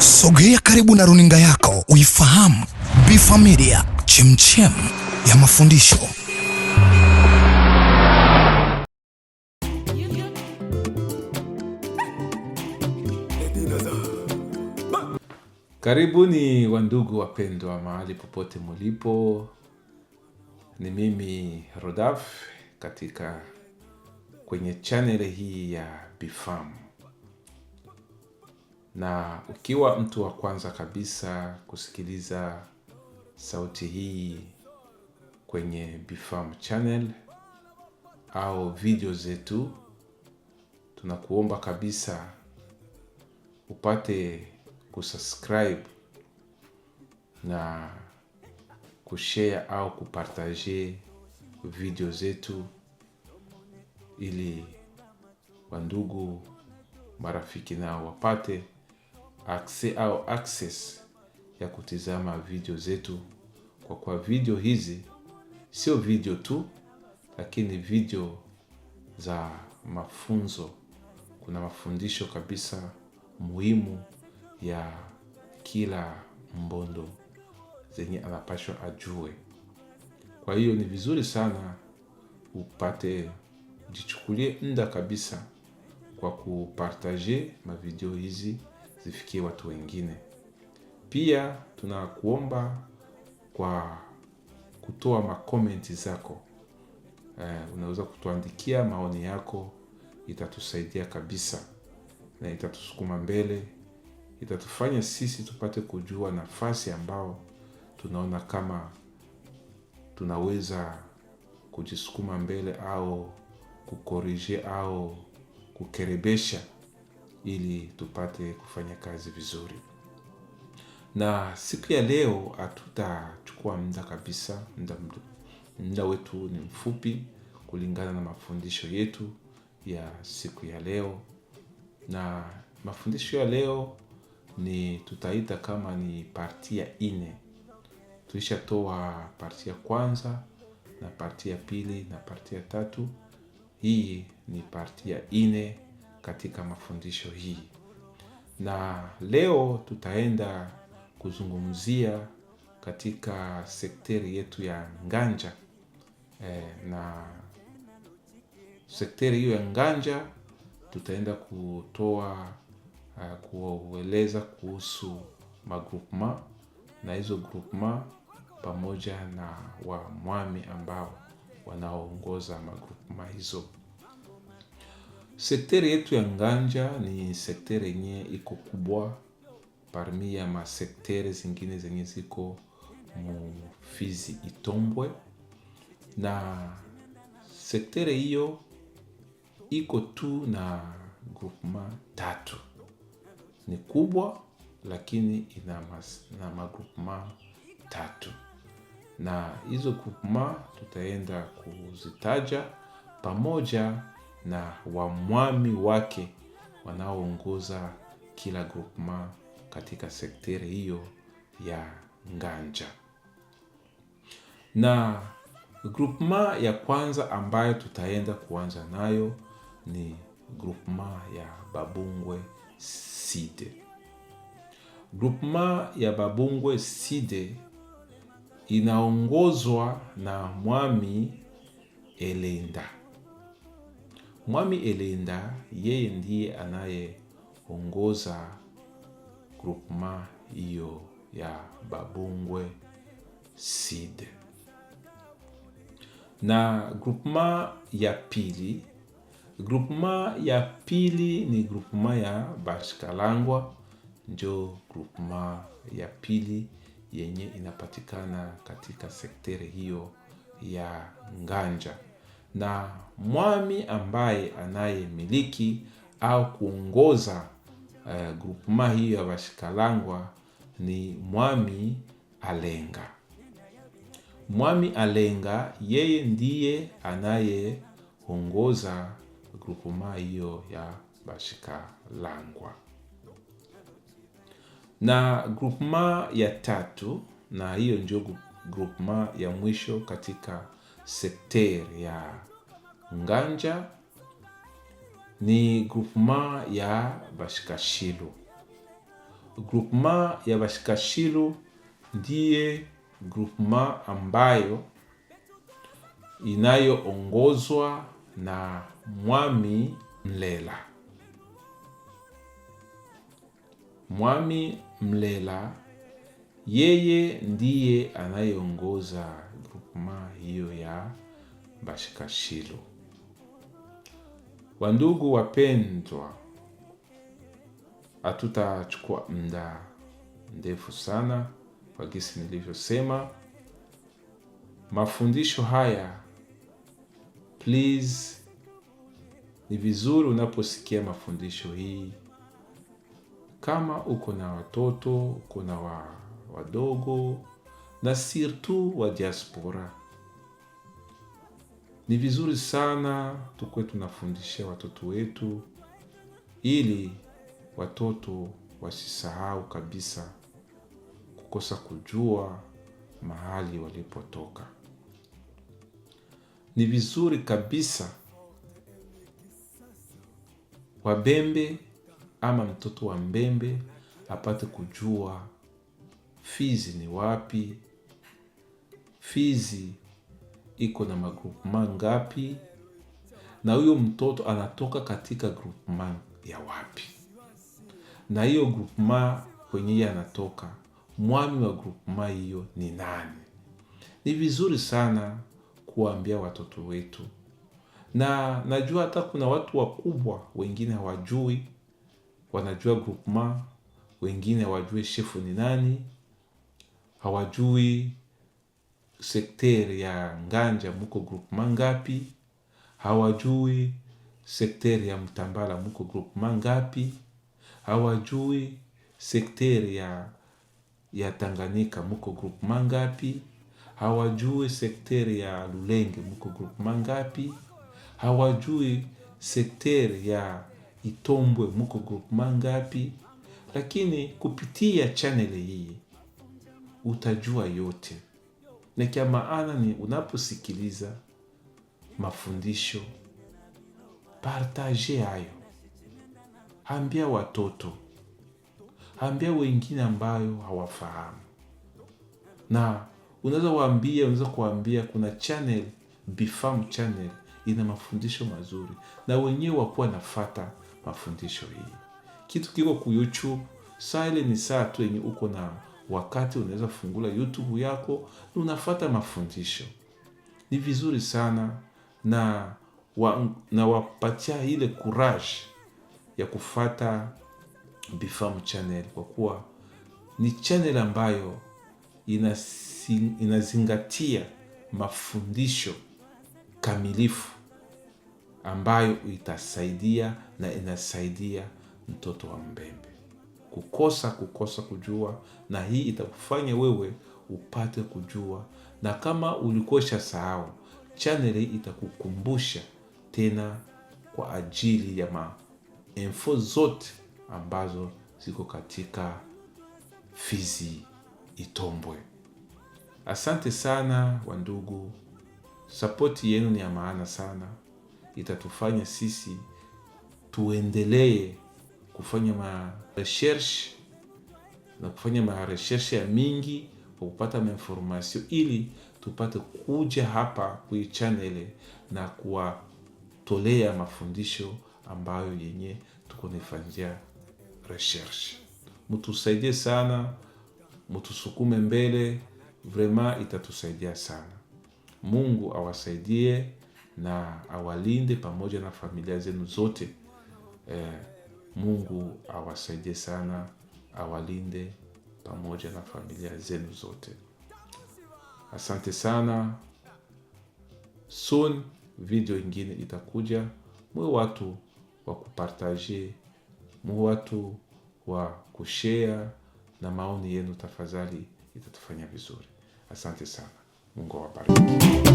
Sogea karibu na runinga yako uifahamu Bifa Media, chemchem ya mafundisho. Karibuni wandugu wapendwa, mahali popote mulipo, ni mimi Rodaf katika kwenye chaneli hii ya Bifam na ukiwa mtu wa kwanza kabisa kusikiliza sauti hii kwenye Bfam channel au video zetu, tunakuomba kabisa upate kusubscribe na kushare au kupartaje video zetu ili wandugu marafiki nao wapate akse au access ya kutizama video zetu, kwa kuwa video hizi sio video tu, lakini video za mafunzo. Kuna mafundisho kabisa muhimu ya kila mbondo zenye anapashwa ajue. Kwa hiyo ni vizuri sana upate jichukulie nda kabisa kwa kupartaje mavideo hizi zifikie watu wengine. Pia tunakuomba kwa kutoa makomenti zako. Uh, unaweza kutuandikia maoni yako, itatusaidia kabisa na itatusukuma mbele, itatufanya sisi tupate kujua nafasi ambao tunaona kama tunaweza kujisukuma mbele au kukorije au kukerebesha ili tupate kufanya kazi vizuri. Na siku ya leo hatutachukua muda kabisa, muda wetu ni mfupi kulingana na mafundisho yetu ya siku ya leo, na mafundisho ya leo ni tutaita kama ni parti ya ine. tuishatoa parti ya kwanza na parti ya pili na parti ya tatu. Hii ni parti ya ine katika mafundisho hii, na leo tutaenda kuzungumzia katika sekteri yetu ya nganja e, na sekteri hiyo ya nganja tutaenda kutoa uh, kueleza kuhusu magrupma na hizo grupma pamoja na wamwami ambao wanaoongoza magrupma hizo. Sektere yetu ya nganja ni sektere yenye iko kubwa parmi ya masektere zingine zenye ziko mufizi Itombwe, na sektere hiyo iko tu na grupma tatu. Ni kubwa lakini ina, mas, na magroupement tatu, na hizo groupement tutaenda kuzitaja pamoja na wamwami wake wanaoongoza kila groupement katika sekteri hiyo ya Nganja. Na groupement ya kwanza ambayo tutaenda kuanza nayo ni groupement ya Babungwe Side. Groupement ya Babungwe Side inaongozwa na Mwami Elenda. Mwami elinda yeye ndiye anayeongoza groupement hiyo ya Babungwe Sud, na groupement ya pili groupement ya pili ni groupement ya Bashikalangwa, njo groupement ya pili yenye inapatikana katika sekteri hiyo ya Nganja na mwami ambaye anayemiliki au kuongoza uh, eh, grupuma hiyo ya vashikalangwa ni mwami Alenga. Mwami Alenga yeye ndiye anayeongoza grupuma hiyo ya vashikalangwa Na grupuma ya tatu, na hiyo ndio grupuma ya mwisho katika Secteur ya Nganja ni groupement ya Bashikashilo. Groupement ya Bashikashilo ndiye groupement ambayo inayoongozwa na Mwami Mlela. Mwami Mlela yeye ndiye anayeongoza grupma hiyo ya Bashikashilo. Wandugu wapendwa, hatutachukua mda ndefu sana kwa gisi nilivyosema. Mafundisho haya please, ni vizuri unaposikia mafundisho hii, kama uko na watoto uko na wa wadogo na sirtu wa diaspora. Ni vizuri sana tukuwe tunafundishia watoto wetu ili watoto wasisahau kabisa kukosa kujua mahali walipotoka. Ni vizuri kabisa wabembe ama mtoto wa mbembe apate kujua Fizi ni wapi? Fizi iko na magroupement ngapi? Na huyo mtoto anatoka katika groupement ya wapi? Na hiyo groupement kwenye anatoka, mwami wa groupement hiyo ni nani? Ni vizuri sana kuwaambia watoto wetu, na najua hata kuna watu wakubwa wengine hawajui, wanajua groupement, wengine hawajui shefu ni nani hawajui sekteri ya Nganja muko groupement ngapi, hawajui sekteri ya Mtambala muko groupement ngapi, hawajui sekteri ya ya Tanganyika muko groupement ngapi, hawajui sekteri ya Lulenge muko groupement ngapi, hawajui sekteri ya Itombwe muko groupement ngapi, lakini kupitia chaneli hii utajua yote. Na kia maana ni unaposikiliza mafundisho, partaje hayo, ambia watoto, ambia wengine ambayo hawafahamu, na unaweza waambia, unaweza kuambia kuna channel Bifam channel ina mafundisho mazuri, na wenyewe wakuwa nafata mafundisho hii. Kitu kiko ku YouTube saa ile ni saa tu yenye uko na wakati unaweza fungula YouTube yako na unafata mafundisho. Ni vizuri sana na wa, na wapatia ile kuraje ya kufata bifam channel kwa kuwa ni channel ambayo inazingatia mafundisho kamilifu ambayo itasaidia na inasaidia mtoto wa Mbembe kukosa kukosa kujua, na hii itakufanya wewe upate kujua, na kama ulikosha sahau, hii itakukumbusha tena kwa ajili ya mainfo zote ambazo ziko katika Fizi Itombwe. Asante sana wandugu, sapoti yenu ni ya maana sana, itatufanya sisi tuendelee kufanya ma research na kufanya ma research ya mingi kwa kupata mainformasio ili tupate kuja hapa kui channel na kuwatolea mafundisho ambayo yenye tuko nafanyia research. Mtusaidie sana, mutusukume mbele, vrema itatusaidia sana. Mungu awasaidie na awalinde pamoja na familia zenu zote eh. Mungu awasaidie sana, awalinde pamoja na familia zenu zote. Asante sana. Soon video ingine itakuja. Mwe watu wa kupartaje, mwe watu wa kushare, na maoni yenu tafadhali itatufanya vizuri. Asante sana. Mungu awabariki.